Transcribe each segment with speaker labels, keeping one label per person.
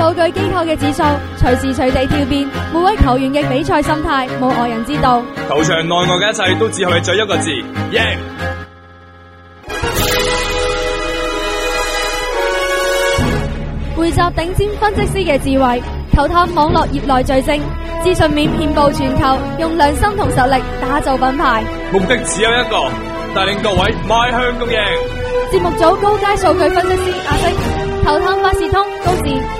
Speaker 1: 數據機構嘅指數隨時隨地跳變，每位球員嘅比賽心態冇外人知道。
Speaker 2: 球場內外嘅一切都只可以一個字：贏。
Speaker 1: 匯集頂尖分析師嘅智慧，球探網絡業內最精資訊面遍佈全球，用良心同實力打造品牌。
Speaker 2: 目的只有一個，帶領各位邁向共贏。
Speaker 1: 節目組高階數據分析師阿星，球探萬事通高志。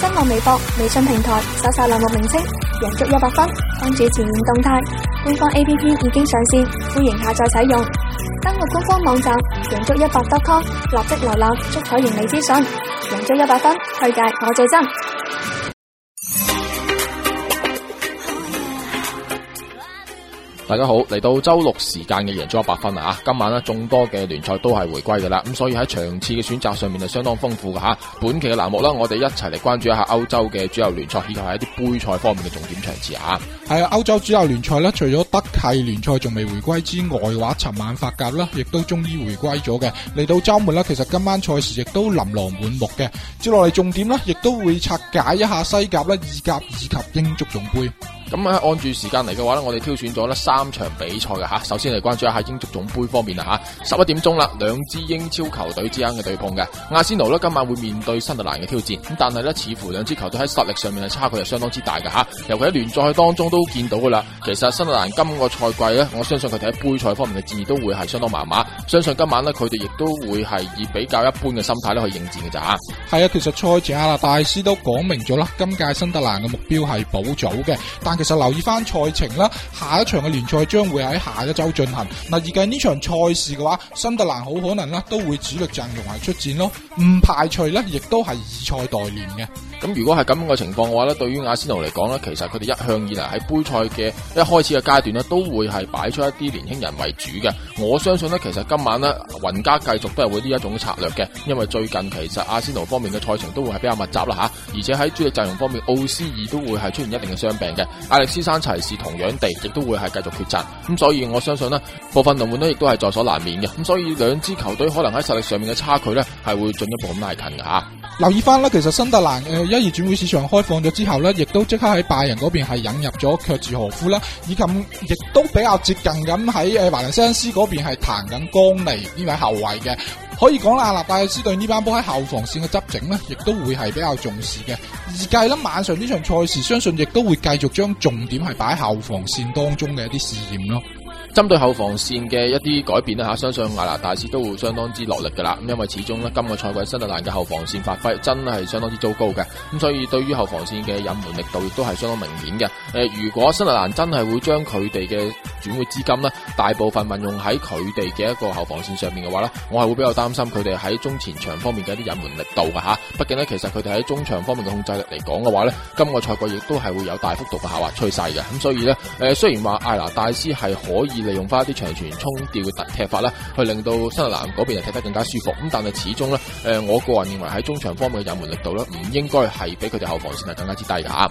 Speaker 1: 新浪微博、微信平台，搜索欄目名稱“贏足一百分”，關注前沿動態。官方 APP 已經上線，歡迎下載使用。登錄官方網站“贏足一百 .com”，立即瀏覽足彩盈利資訊。贏足一百分，推介我最真。
Speaker 3: 大家好，嚟到周六時間嘅贏足一百分啦！今晚呢，眾多嘅聯賽都係回歸嘅啦，咁所以喺場次嘅選擇上面係相當豐富嘅嚇。本期嘅欄目啦，我哋一齊嚟關注一下歐洲嘅主流聯賽，以及係一啲杯賽方面嘅重點場次嚇。
Speaker 1: 係啊，歐洲主流聯賽呢，除咗德系聯賽仲未回歸之外，話尋晚法甲啦，亦都終於回歸咗嘅。嚟到周末呢，其實今晚賽事亦都琳琅滿目嘅。接落嚟重點呢，亦都會拆解一下西甲啦、意甲以及英足總杯。
Speaker 3: 咁啊，按住時間嚟嘅話咧，我哋挑選咗咧三場比賽嘅吓。首先嚟關注一下英足總杯方面啦吓，十一點鐘啦，兩支英超球隊之間嘅對碰嘅。阿仙奴呢，今晚會面對新特蘭嘅挑戰，咁但係咧似乎兩支球隊喺實力上面嘅差距係相當之大嘅吓。尤其喺聯賽當中都見到噶啦。其實新特蘭今個賽季咧，我相信佢哋喺杯賽方面嘅戰意都會係相當麻麻。相信今晚咧佢哋亦都會係以比較一般嘅心態咧去應戰嘅咋。
Speaker 1: 係啊，其實賽前阿大師都講明咗啦，今屆新特蘭嘅目標係保組嘅，但其實留意翻賽程啦，下一場嘅聯賽將會喺下一周進行。嗱，而計呢場賽事嘅話，新特蘭好可能咧都會主力陣容係出戰咯，唔排除咧亦
Speaker 3: 都係以賽代練嘅。咁如果係咁樣嘅情況嘅話咧，對於阿仙奴嚟講咧，其實佢哋一向以嚟喺杯賽嘅一開始嘅階段咧，都會係擺出一啲年輕人為主嘅。我相信呢，其實今晚呢，雲加繼續都係會呢一種策略嘅，因為最近其實阿仙奴方面嘅賽程都會係比較密集啦吓，而且喺主力陣容方面，奧斯爾都會係出現一定嘅傷病嘅，艾力斯山齊士同樣地，亦都會係繼續缺陣。咁所以我相信呢，部分輪換咧，亦都係在所難免嘅。咁所以兩支球隊可能喺實力上面嘅差距呢，係會進一步咁拉近㗎吓。
Speaker 1: 留意翻呢，其實新特蘭嘅。呃一二轉會市場開放咗之後咧，亦都即刻喺拜仁嗰邊係引入咗卻住何夫啦，以及亦都比較接近咁喺誒華倫西亞嗰邊係彈緊岡尼呢位後衛嘅，可以講啦，阿納戴斯對呢班波喺後防線嘅執整咧，亦都會係比較重視嘅。而計啦，晚上呢場賽事，相信亦都會繼續將重點係擺喺後防線當中嘅一啲試驗咯。
Speaker 3: 針對後防線嘅一啲改變啦吓，相信艾拿大師都會相當之落力噶啦。咁因為始終咧，今個賽季新特蘭嘅後防線發揮真係相當之糟糕嘅。咁所以對於後防線嘅隱瞞力度亦都係相當明顯嘅。誒、呃，如果新特蘭真係會將佢哋嘅轉會資金咧，大部分運用喺佢哋嘅一個後防線上面嘅話咧，我係會比較擔心佢哋喺中前場方面嘅一啲隱瞞力度嘅吓。畢竟咧，其實佢哋喺中場方面嘅控制力嚟講嘅話咧，今個賽季亦都係會有大幅度嘅下滑趨勢嘅。咁所以咧，誒、呃，雖然話艾拿大師係可以。利用翻一啲長傳衝吊嘅踢法啦，去令到新西蘭嗰邊又踢得更加舒服。咁但係始終咧，誒，我個人認為喺中場方面嘅隱瞞力度咧，唔應該係比佢哋後防線係更加之低噶吓。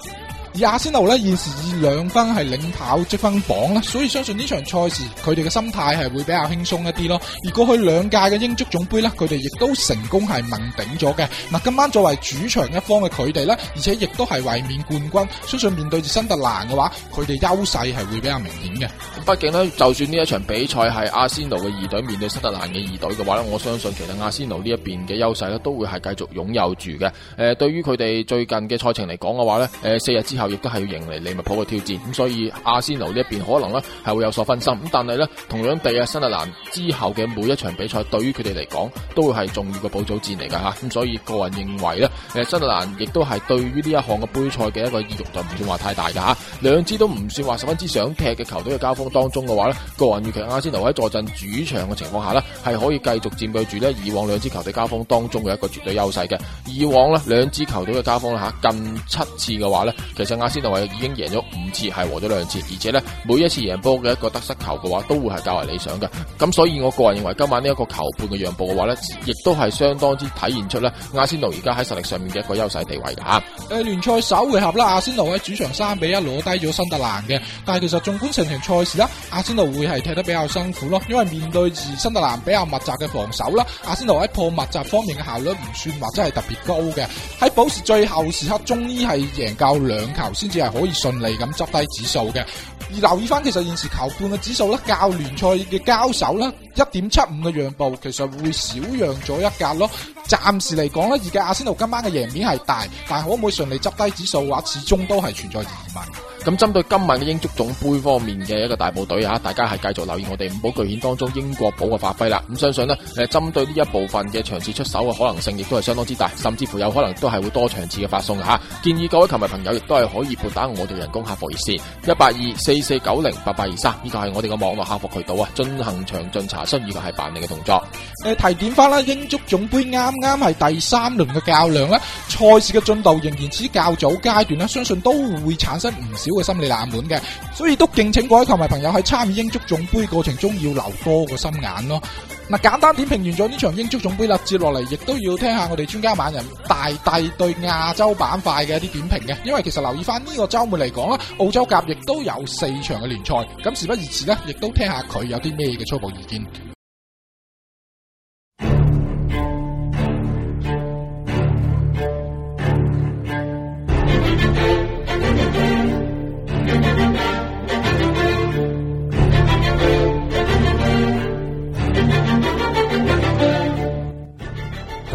Speaker 3: 而阿仙奴咧現時以
Speaker 1: 兩分係領跑積分榜啦，所以相信呢場賽事佢哋嘅心態係會比較輕鬆一啲咯。而過去兩屆嘅英足總盃咧，佢哋亦都成功係問鼎咗嘅。嗱，今晚作為主場一方嘅佢哋咧，而且亦都係衛冕冠軍，相信面對住新特蘭嘅話，佢哋優勢係會比較明
Speaker 3: 顯嘅。畢竟咧，就算呢一場比賽係阿仙奴嘅二隊面對新特蘭嘅二隊嘅話咧，我相信其實阿仙奴呢一邊嘅優勢咧都會係繼續擁有住嘅。誒、呃，對於佢哋最近嘅賽程嚟講嘅話咧，誒四日之之後亦都係要迎嚟利物浦嘅挑戰，咁所以阿仙奴呢一邊可能咧係會有所分心，咁但係咧同樣地阿新特蘭之後嘅每一場比賽，對於佢哋嚟講都會係重要嘅保組戰嚟嘅吓，咁所以個人認為咧，誒新特蘭亦都係對於呢一項嘅杯賽嘅一個意欲就唔算話太大嘅吓，兩支都唔算話十分之想踢嘅球隊嘅交鋒當中嘅話咧，個人預期阿仙奴喺坐鎮主場嘅情況下呢，係可以繼續佔據住咧以往兩支球隊交鋒當中嘅一個絕對優勢嘅，以往呢兩支球隊嘅交鋒吓近七次嘅話咧，其實。阿仙奴已經贏咗五次，係和咗兩次，而且咧每一次贏波嘅一個得失球嘅話，都會係較為理想嘅。咁所以我個人認為今晚呢一個球半嘅讓步嘅話咧，亦都係相當之體現出咧阿仙奴而家喺實力上面嘅一個優勢地位嘅
Speaker 1: 吓。誒，聯賽首回合啦，阿仙奴喺、呃、主場三比一攞低咗新特蘭嘅，但係其實縱觀成場賽事啦，阿仙奴會係踢得比較辛苦咯，因為面對住新特蘭比較密集嘅防守啦，阿仙奴喺破密集方面嘅效率唔算話真係特別高嘅。喺保持最後時刻，終於係贏夠兩。先至係可以順利咁執低指數嘅，而留意翻其實現時球半嘅指數咧，較聯賽嘅交手咧一點七五嘅讓步，其實會少讓咗一格咯。暫時嚟講咧，而家阿仙奴今晚嘅贏面係大，但係可唔可以順利執低指數，話始終都係存在疑問。
Speaker 3: 咁針對今晚嘅英足總杯方面嘅一個大部隊啊，大家係繼續留意我哋五寶巨獻當中英國寶嘅發揮啦。咁相信呢，誒，針對呢一部分嘅場次出手嘅可能性亦都係相當之大，甚至乎有可能都係會多場次嘅發送吓、啊。建議各位球迷朋友亦都係可以撥打我哋人工客服熱線一八二四四九零八八二三，呢個係我哋嘅網絡客服渠道啊，進行詳盡查詢以及係辦理嘅動作。
Speaker 1: 誒、呃，提點翻啦，英足總杯啱啱係第三輪嘅較量啦，賽事嘅進度仍然至較早階段啦，相信都會產生唔少。小嘅心理冷門嘅，所以都敬請各位球迷朋友喺參與英足總杯過程中要留多個心眼咯。嗱，簡單點評完咗呢場英足總杯，立接落嚟，亦都要聽下我哋專家晚人大大對亞洲板塊嘅一啲點評嘅。因為其實留意翻呢個周末嚟講啦，澳洲甲亦都有四場嘅聯賽，咁時不宜遲呢，亦都聽下佢有啲咩嘅初步意見。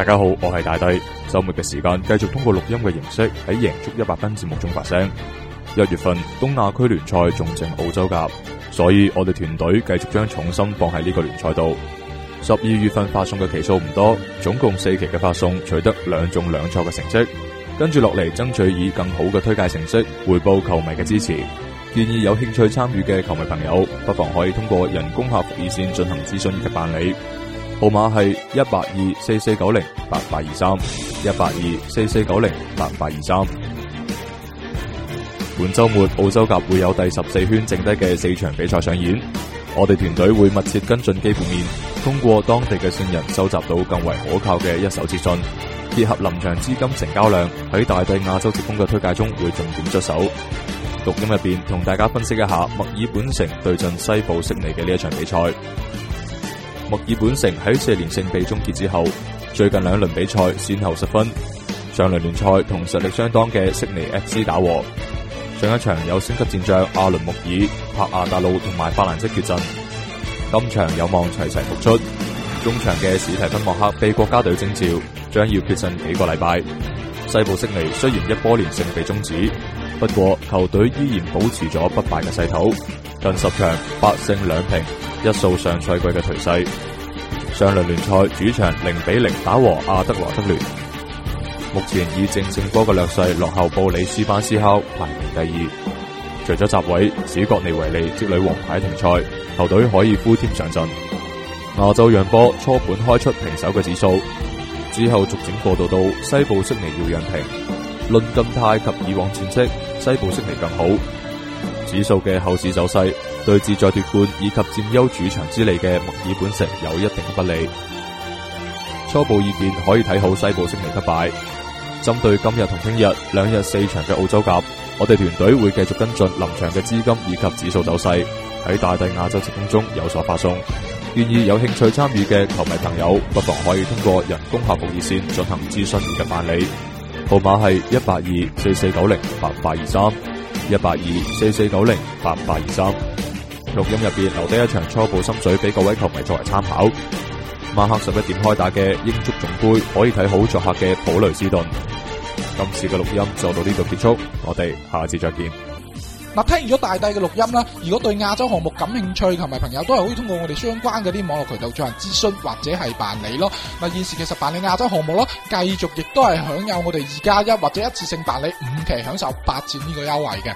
Speaker 2: 大家好，我係大帝。周末嘅時間繼續通過錄音嘅形式喺贏足一百分節目中發聲。一月份東亞區聯賽仲剩澳洲甲，所以我哋團隊繼續將重心放喺呢個聯賽度。十二月份發送嘅期數唔多，總共四期嘅發送取得兩中兩錯嘅成績。跟住落嚟，爭取以更好嘅推介成績回報球迷嘅支持。建議有興趣參與嘅球迷朋友，不妨可以通過人工客服熱線進行諮詢以及辦理。號碼係一八二四四九零八八二三一八二四四九零八八二三。本周末澳洲甲會有第十四圈剩低嘅四場比賽上演，我哋團隊會密切跟進基本面，通過當地嘅線人收集到更為可靠嘅一手資訊，結合臨場資金成交量喺大地亞洲直通嘅推介中會重點出手。錄音入邊同大家分析一下墨爾本城對陣西部悉尼嘅呢一場比賽。墨爾本城喺四連勝被終結之後，最近兩輪比賽先後失分，上輪聯賽同實力相當嘅悉尼 FC 打和。上一場有星級戰將阿倫木爾、帕亞達魯同埋法蘭式缺陣，今場有望齊齊復出。中場嘅史提芬莫克被國家隊徵召，將要缺陣幾個禮拜。西部悉尼雖然一波連勝被終止，不過球隊依然保持咗不敗嘅勢頭，近十場八勝兩平。一掃上賽季嘅頹勢，上輪聯賽主場零比零打和阿德華德聯，目前以淨勝波嘅劣勢落後布里斯班斯考，排名第二。除咗集位，史國尼維利積累黃牌停賽，球隊可以敷添上陣。亞洲讓波初盤開出平手嘅指數，之後逐漸過渡到西部悉尼要讓平。論近態及以往戰績，西部悉尼更好。指數嘅後市走勢。對志在奪冠以及佔優主場之利嘅墨爾本城有一定嘅不利。初步意見可以睇好西部星期失敗。針對今日同聽日兩日四場嘅澳洲甲，我哋團隊會繼續跟進臨場嘅資金以及指數走勢，喺大地亞洲直播中有所發送。願意，有興趣參與嘅球迷朋友，不妨可以通過人工客服熱線進行諮詢以及辦理是。號碼係一八二四四九零八八二三，一八二四四九零八八二三。錄音入邊留低一場初步心水俾各位球迷作為參考。晚黑十一點開打嘅英足總杯可以睇好作客嘅普雷斯頓。今次嘅錄音就到呢度結束，我哋下次再見。
Speaker 1: 嗱，聽完咗大帝嘅錄音啦，如果對亞洲項目感興趣，同埋朋友都係可以通過我哋相關嘅啲網絡渠道進行諮詢或者係辦理咯。嗱，現時其實辦理亞洲項目咯，繼續亦都係享有我哋二加一或者一次性辦理五期享受八折呢個優惠嘅。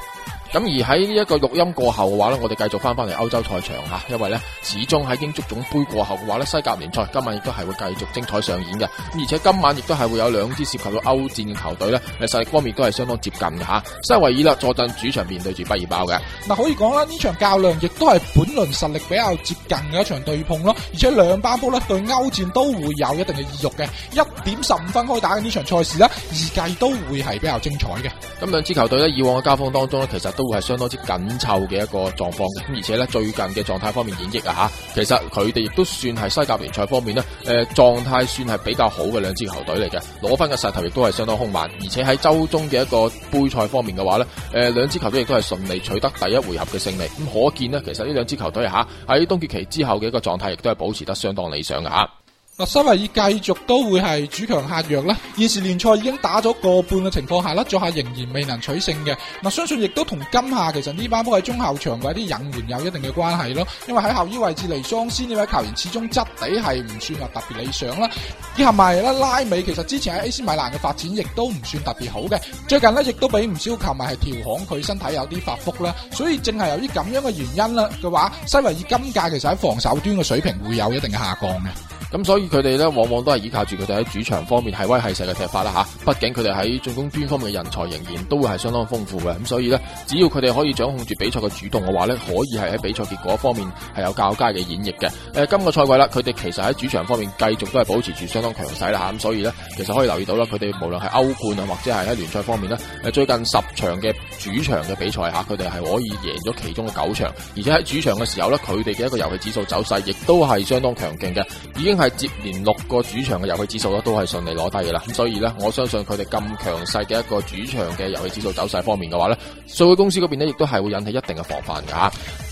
Speaker 3: 咁而喺呢一個錄音過後嘅話咧，我哋繼續翻翻嚟歐洲賽場吓，因為咧始終喺英足總杯過後嘅話咧，西甲聯賽今晚亦都係會繼續精彩上演嘅。而且今晚亦都係會有兩支涉及到歐戰嘅球隊咧，喺實力方面都係相當接近嘅吓。西維爾啦坐鎮主場面對住畢爾包嘅，
Speaker 1: 嗱可以講啦，呢場較量亦都係本輪實力比較接近嘅一場對碰咯。而且兩班波咧對歐戰都會有一定嘅意欲嘅，一點十五分開打嘅呢場賽事咧，預計都會係比較精彩嘅。
Speaker 3: 咁兩支球隊咧以往嘅交鋒當中咧，其實。都會係相當之緊湊嘅一個狀況嘅，咁而且呢，最近嘅狀態方面演繹啊吓，其實佢哋亦都算係西甲聯賽方面呢，誒、呃、狀態算係比較好嘅兩支球隊嚟嘅，攞翻嘅勢頭亦都係相當兇猛，而且喺周中嘅一個杯賽方面嘅話呢，誒、呃、兩支球隊亦都係順利取得第一回合嘅勝利，咁可見呢，其實呢兩支球隊吓喺冬歇期之後嘅一個狀態亦都係保持得相當理想嘅吓。
Speaker 1: 嗱，西維爾繼續都會係主強客弱啦。現時聯賽已經打咗個半嘅情況下啦，作客仍然未能取勝嘅。嗱，相信亦都同今夏其實呢班都喺中後場嘅一啲隱患有一定嘅關係咯。因為喺後腰位置嚟，桑斯呢位球員始終質地係唔算話特別理想啦。以及埋啦，拉美其實之前喺 AC 米蘭嘅發展亦都唔算特別好嘅。最近呢，亦都俾唔少球迷係調侃佢身體有啲發福啦。所以正係由於咁樣嘅原因啦嘅話，西維爾今屆其實喺防守端嘅水平會有一定嘅下降嘅。
Speaker 3: 咁、嗯、所以佢哋咧，往往都係依靠住佢哋喺主場方面係威係勢嘅踢法啦吓。畢、啊、竟佢哋喺進攻端方面嘅人才仍然都會係相當豐富嘅。咁、啊、所以咧，只要佢哋可以掌控住比賽嘅主動嘅話咧，可以係喺比賽結果方面係有較佳嘅演繹嘅。誒、啊，今個賽季啦，佢哋其實喺主場方面繼續都係保持住相當強勢啦吓。咁、啊啊、所以咧，其實可以留意到啦，佢哋無論係歐冠啊，或者係喺聯賽方面咧，誒、啊，最近十場嘅主場嘅比賽吓，佢哋係可以贏咗其中嘅九場，而且喺主場嘅時候咧，佢哋嘅一個遊戲指數走勢亦都係相當強勁嘅，已經。係接連六個主場嘅遊戲指數咧，都係順利攞低噶啦。咁所以咧，我相信佢哋咁強勢嘅一個主場嘅遊戲指數走勢方面嘅話咧，數據公司嗰邊咧亦都係會引起一定嘅防範噶吓。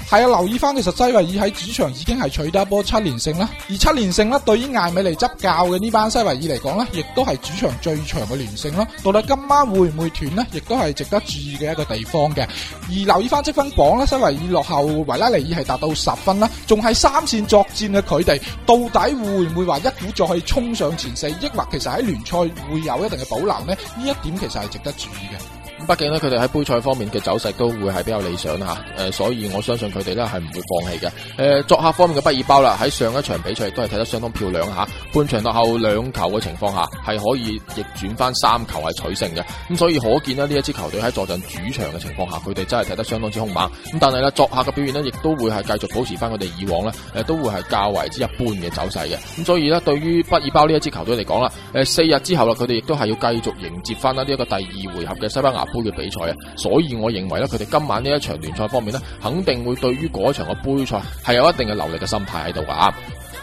Speaker 1: 係啊，留意翻，其實西維爾喺主場已經係取得一波七連勝啦，而七連勝咧，對於艾米尼執教嘅呢班西維爾嚟講呢亦都係主場最長嘅連勝啦。到底今晚會唔會斷呢？亦都係值得注意嘅一個地方嘅。而留意翻積分榜咧，西維爾落後維拉利爾係達到十分啦，仲係三線作戰嘅佢哋，到底會唔會話一鼓作氣衝上前四？抑或其實喺聯賽會有一定嘅保留呢？呢一點其實係值得注意嘅。
Speaker 3: 畢竟咧，佢哋喺杯賽方面嘅走勢都會係比較理想吓，誒、呃，所以我相信佢哋咧係唔會放棄嘅。誒、呃，作客方面嘅畢爾包啦，喺上一場比賽都係睇得相當漂亮吓，半場落後兩球嘅情況下，係可以逆轉翻三球係取勝嘅。咁所以可見咧，呢一支球隊喺坐陣主場嘅情況下，佢哋真係睇得相當之凶猛。咁但係咧，作客嘅表現呢亦都會係繼續保持翻佢哋以往咧，誒，都會係較為之一般嘅走勢嘅。咁所以咧，對於畢爾包呢一支球隊嚟講啦，誒，四日之後啦，佢哋亦都係要繼續迎接翻呢一個第二回合嘅西班牙杯嘅比賽啊，所以我認為咧，佢哋今晚呢一場聯賽方面咧，肯定會對於嗰一場嘅杯賽係有一定嘅留力嘅心態喺度噶。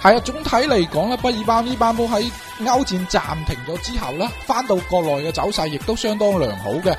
Speaker 1: 係啊，總體嚟講咧，畢爾班呢班波喺歐戰暫停咗之後咧，翻到國內嘅走勢亦都相當良好嘅。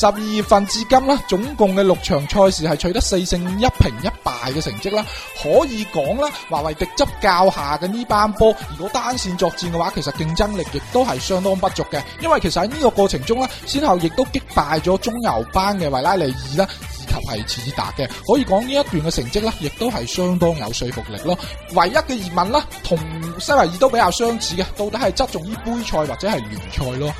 Speaker 1: 十二月份至今呢，總共嘅六場賽事係取得四勝一平一敗嘅成績啦。可以講啦，華為敵執教下嘅呢班波，如果單線作戰嘅話，其實競爭力亦都係相當不俗嘅。因為其實喺呢個過程中咧，先後亦都擊敗咗中游班嘅維拉利爾啦。及係恆達嘅，可以講呢一段嘅成績咧，亦都係相當有說服力咯。唯一嘅疑問啦，同西維爾都比較相似嘅，到底係側重於杯賽或者係聯賽咯？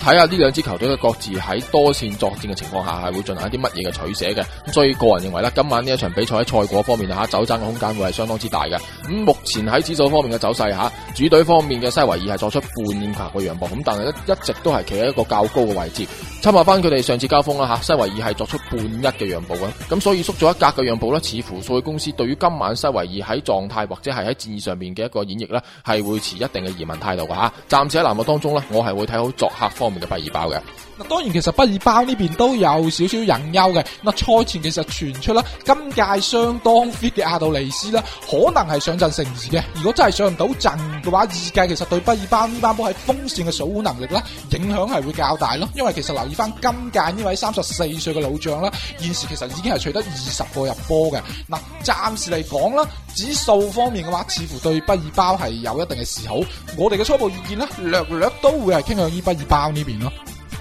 Speaker 3: 睇下呢兩支球隊嘅各自喺多線作戰嘅情況下，係會進行一啲乜嘢嘅取捨嘅。咁所以個人認為呢，今晚呢一場比賽喺賽果方面啊，走爭嘅空間會係相當之大嘅。咁目前喺指數方面嘅走勢吓，主隊方面嘅西維爾係作出半球嘅讓步，咁但係一直都係企喺一個較高嘅位置。參考翻佢哋上次交鋒啦吓，西維爾係作出半一嘅讓步啦，咁所以縮咗一格嘅讓步咧，似乎數據公司對於今晚西維爾喺狀態或者係喺戰意上面嘅一個演繹咧，係會持一定嘅疑問態度嘅吓。暫時喺欄目當中咧，我係會睇好作客方面。嘅畢爾包嘅，
Speaker 1: 嗱，當然其實畢爾包呢邊都有少少隱憂嘅。嗱，賽前其實傳出啦，今屆相當 fit 嘅阿杜尼斯啦，可能係上陣成疑嘅。如果真係上唔到陣嘅話，二屆其實對畢爾包呢班波喺風扇嘅守護能力啦，影響係會較大咯。因為其實留意翻今屆呢位三十四歲嘅老將啦，現時其實已經係取得二十個入波嘅。嗱，暫時嚟講啦，指數方面嘅話，似乎對畢爾包係有一定嘅利好。我哋嘅初步意見啦，略略都會係傾向於畢爾包。呢邊咯，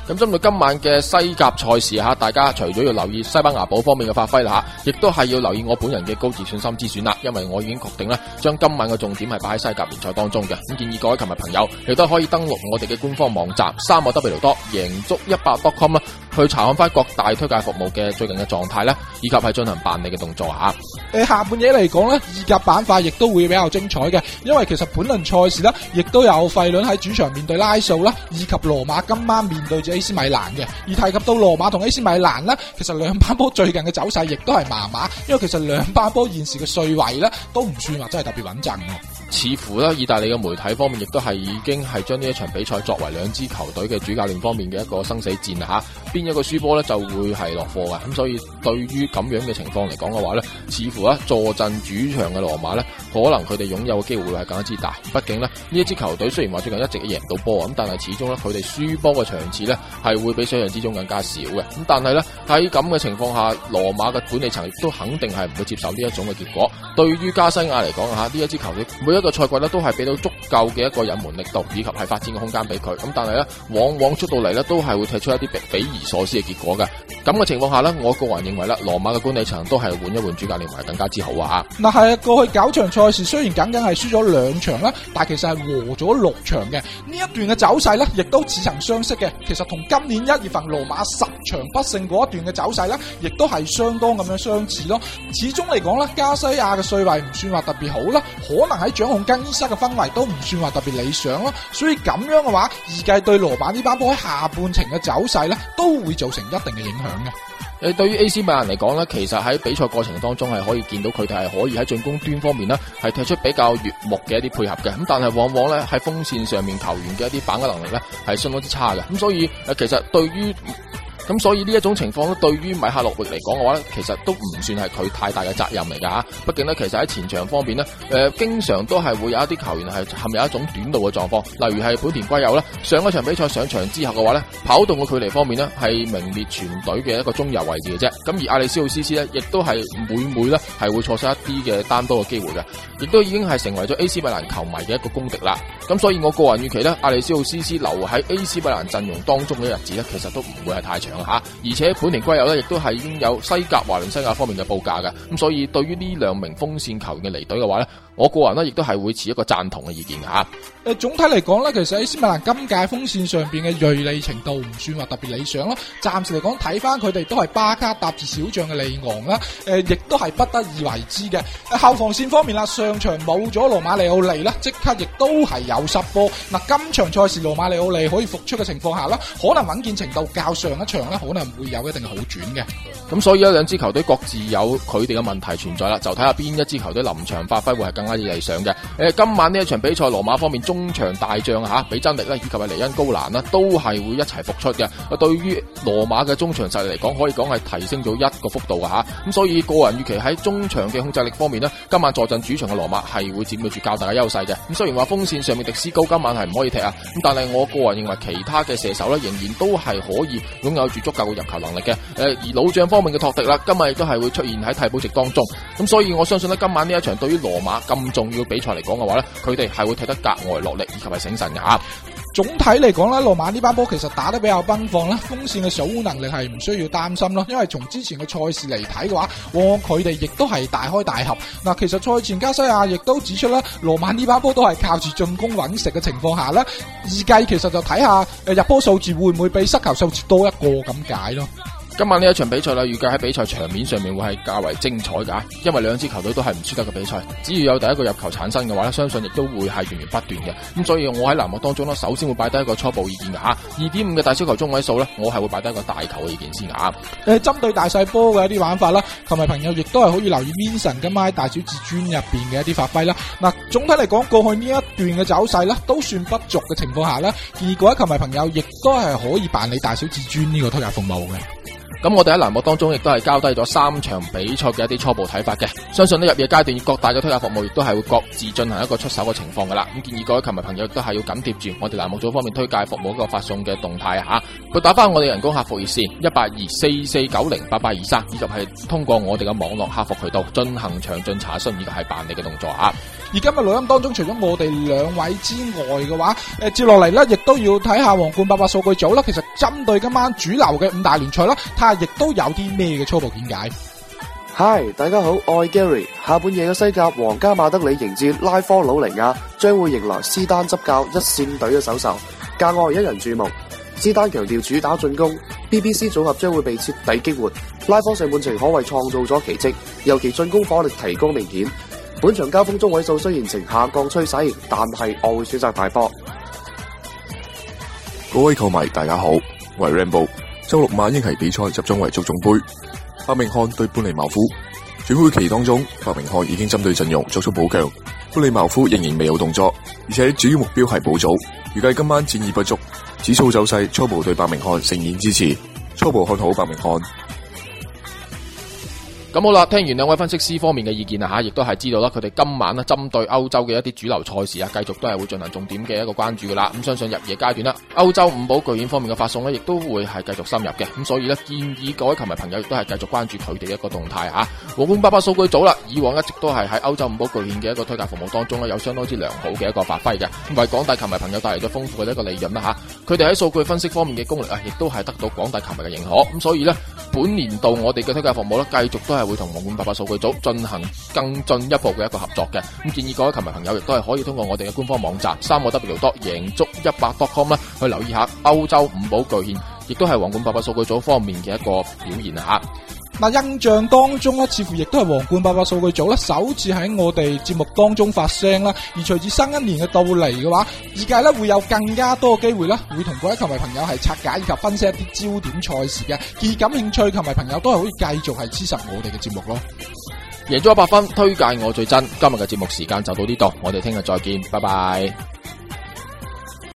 Speaker 3: 咁針對今晚嘅西甲賽事吓，大家除咗要留意西班牙寶方面嘅發揮啦吓，亦都係要留意我本人嘅高自信心之選啦，因為我已經確定啦，將今晚嘅重點係擺喺西甲聯賽當中嘅，咁建議各位球迷朋友亦都可以登錄我哋嘅官方網站三個 W 多贏足一百 .com 啊。去查看翻各大推介服務嘅最近嘅狀態咧，以及係進行辦理嘅動作啊！
Speaker 1: 誒，下半夜嚟講咧，意甲板塊亦都會比較精彩嘅，因為其實本輪賽事呢，亦都有費倫喺主場面對拉素啦，以及羅馬今晚面對住 AC 米蘭嘅。而提及到羅馬同 AC 米蘭呢，其實兩把波最近嘅走勢亦都係麻麻，因為其實兩把波現時嘅稅位呢，都唔算話真係特別穩陣。
Speaker 3: 似乎咧，意大利嘅媒體方面亦都係已經係將呢一場比賽作為兩支球隊嘅主教練方面嘅一個生死戰吓。邊一個輸波咧就會係落貨噶，咁所以對於咁樣嘅情況嚟講嘅話咧，似乎啊坐鎮主場嘅羅馬咧，可能佢哋擁有嘅機會係更加之大。畢竟咧呢一支球隊雖然話最近一直贏到波啊，咁但係始終咧佢哋輸波嘅場次咧係會比想象之中更加少嘅。咁但係咧喺咁嘅情況下，羅馬嘅管理層亦都肯定係唔會接受呢一種嘅結果。對於加西亞嚟講啊，呢一支球隊每一個賽季咧都係俾到足夠嘅一個隱瞞力度以及係發展嘅空間俾佢。咁但係咧往往出到嚟咧都係會踢出一啲比。比所思嘅結果噶，咁嘅情況下呢，我個人認為咧，羅馬嘅管理層都係換一換主教練，係更加之好啊！
Speaker 1: 嗱，係啊，過去九場賽事，雖然僅僅係輸咗兩場啦，但其實係和咗六場嘅呢一段嘅走勢呢，亦都似曾相識嘅。其實同今年一月份羅馬十場不勝嗰一段嘅走勢呢，亦都係相當咁樣相似咯。始終嚟講呢，加西亞嘅帥位唔算話特別好啦，可能喺掌控更衣室嘅氛圍都唔算話特別理想咯。所以咁樣嘅話，預計對羅馬呢班波喺下半程嘅走勢呢，都。都會造成一定嘅影響嘅。
Speaker 3: 誒、呃，對於 AC 米蘭嚟講咧，其實喺比賽過程當中係可以見到佢哋係可以喺進攻端方面咧係踢出比較悅目嘅一啲配合嘅。咁但係往往咧喺鋒線上面球員嘅一啲把握能力咧係相當之差嘅。咁所以誒、呃，其實對於。咁所以呢一種情況咧，對於米哈洛域嚟講嘅話呢，其實都唔算係佢太大嘅責任嚟嘅嚇。畢竟呢，其實喺前場方面呢，誒、呃、經常都係會有一啲球員係陷入一種短路嘅狀況。例如係本田圭佑啦，上一場比賽上場之後嘅話呢，跑動嘅距離方面呢係名列全隊嘅一個中遊位置嘅啫。咁而阿里斯奧斯斯呢，亦都係每每呢係會錯失一啲嘅單刀嘅機會嘅，亦都已經係成為咗 AC 米蘭球迷嘅一個攻敵啦。咁所以我個人預期呢，阿里斯奧斯斯留喺 AC 米蘭陣容當中嘅日子呢，其實都唔會係太長。吓，而且本田圭佑亦都係已經有西甲、華倫西亞方面嘅報價，咁所以對於呢兩名鋒線球員嘅離隊嘅話呢，我個人呢，亦都係會持一個贊同嘅意見吓。
Speaker 1: 誒，總體嚟講呢，其實喺斯米蘭今屆鋒線上邊嘅銳利程度唔算話特別理想咯。暫時嚟講，睇翻佢哋都係巴卡搭住小將嘅利昂啦，誒，亦都係不得而為之嘅。後防線方面啦，上場冇咗羅馬里奧利呢，即刻亦都係有失波。嗱，今場賽事羅馬里奧利可以復出嘅情況下啦，可能穩健程度較上一場。可能會有一定嘅好轉嘅，
Speaker 3: 咁所以咧，兩支球隊各自有佢哋嘅問題存在啦，就睇下邊一支球隊臨場發揮會係更加之理想嘅。誒、呃，今晚呢一場比賽，羅馬方面中場大將吓、啊、比真力咧以及阿尼恩高蘭啦，都係會一齊復出嘅。啊，對於羅馬嘅中場實力嚟講，可以講係提升咗一個幅度吓。咁、啊、所以個人預期喺中場嘅控制力方面咧，今晚坐鎮主場嘅羅馬係會佔據住較大嘅優勢嘅。咁、嗯、雖然話鋒線上面迪斯高今晚係唔可以踢啊，咁但係我個人認為其他嘅射手呢，仍然都係可以擁有。住足夠嘅入球能力嘅，誒、呃、而老將方面嘅托迪啦，今日亦都係會出現喺替補席當中，咁所以我相信呢，今晚呢一場對於羅馬咁重要嘅比賽嚟講嘅話呢，佢哋係會踢得格外落力以及係醒神嘅啊。
Speaker 1: 總體嚟講咧，羅馬呢班波其實打得比較奔放啦，鋒線嘅守烏能力係唔需要擔心咯。因為從之前嘅賽事嚟睇嘅話，往往佢哋亦都係大開大合。嗱，其實賽前加西亞亦都指出啦，羅馬呢班波都係靠住進攻揾食嘅情況下咧，預計其實就睇下誒入波數字會唔會比失球數字多一個咁解咯。
Speaker 3: 今晚呢一場比賽啦，預計喺比賽場面上面會係較為精彩噶，因為兩支球隊都係唔輸得嘅比賽，只要有第一個入球產生嘅話咧，相信亦都會係源源不斷嘅。咁所以我喺欄目當中咧，首先會擺低一個初步意見噶吓，二點五嘅大小球中位數咧，我係會擺低一個大球嘅意見先
Speaker 1: 吓、呃。誒，針對大細波嘅一啲玩法啦，球迷朋友亦都係可以留意 Vincent 嘅 My 大小至尊入邊嘅一啲發揮啦。嗱，總體嚟講，過去呢一段嘅走勢咧，都算不俗嘅情況下咧，建議各位球迷朋友亦都係
Speaker 3: 可以辦理大小至尊呢個推介服務嘅。咁我哋喺欄目當中亦都係交低咗三場比賽嘅一啲初步睇法嘅，相信呢入夜階段各大嘅推介服務亦都係會各自進行一個出手嘅情況噶啦。咁建議各位球迷朋友都係要緊貼住我哋欄目組方面推介服務一個發送嘅動態吓。去打翻我哋人工客服熱線一八二四四九零八八二三，以及係通過我哋嘅網絡客服渠道進行詳盡查詢以及係辦理嘅動作吓、
Speaker 1: 啊，而今日錄音當中，除咗我哋兩位之外嘅話，誒、呃、接落嚟咧，亦都要睇下皇冠八八數據組啦。其實針對今晚主流嘅五大聯賽啦，太亦都有啲咩嘅初步見解。Hi，大家好，我係 Gary。下半夜嘅西甲，皇家馬德里迎戰拉科魯尼亞，將會迎來斯丹執教一線隊嘅首秀，格外引人注目。斯丹強調主打進攻，BBC 組合將會被徹底激活。拉科上半程可謂創造咗奇蹟，尤其進攻火力提供明顯。本場交鋒中位數雖然呈下降趨勢，但係我會選擇大波。
Speaker 3: 各位球迷，大家好，我係 Rainbow。周六晚英系比賽集中為足總盃，白明漢對般尼茅夫轉會期當中，白明漢已經針對陣容作出補強，般尼茅夫仍然
Speaker 2: 未有動作，而且主要目標係補組，預計今晚戰意不足，指數走勢初步
Speaker 3: 對白明漢呈現支持，初步看好白明漢。咁好啦，聽完兩位分析師方面嘅意見啦吓，亦都係知道啦，佢哋今晚呢，針對歐洲嘅一啲主流賽事啊，繼續都係會進行重點嘅一個關注噶啦。咁相信入夜階段啦，歐洲五寶巨獻方面嘅發送咧，亦都會係繼續深入嘅。咁所以呢，建議各位球迷朋友亦都係繼續關注佢哋一個動態吓。皇冠爸爸數據組啦，以往一直都係喺歐洲五寶巨獻嘅一個推介服務當中咧，有相當之良好嘅一個發揮嘅，為廣大球迷朋友帶嚟咗豐富嘅一個利潤啦吓。佢哋喺數據分析方面嘅功力啊，亦都係得到廣大球迷嘅認可。咁所以呢，本年度我哋嘅推介服務咧，繼續都係係會同皇冠八百數據組進行更進一步嘅一個合作嘅，咁建議各位球迷朋友亦都係可以通過我哋嘅官方網站三個 W 多贏足一百 dot com 啦，去留意一下歐洲五寶巨獻，亦都係皇冠八百數據組方面嘅一個表現吓。嗱，印象當
Speaker 1: 中咧，似乎亦都係皇冠八卦數據組咧，首次喺我哋節目當中發聲啦。而隨住新一年嘅到嚟嘅話，而家咧會有更加多嘅機會啦，會同各位球迷朋友係拆解以及分析一啲焦點賽事嘅。而感興趣球迷朋友都係可以繼續係支持我哋嘅
Speaker 3: 節目咯。贏足一百分，推介我最真。今日嘅節目時間就到呢度，我哋聽日再見，拜拜。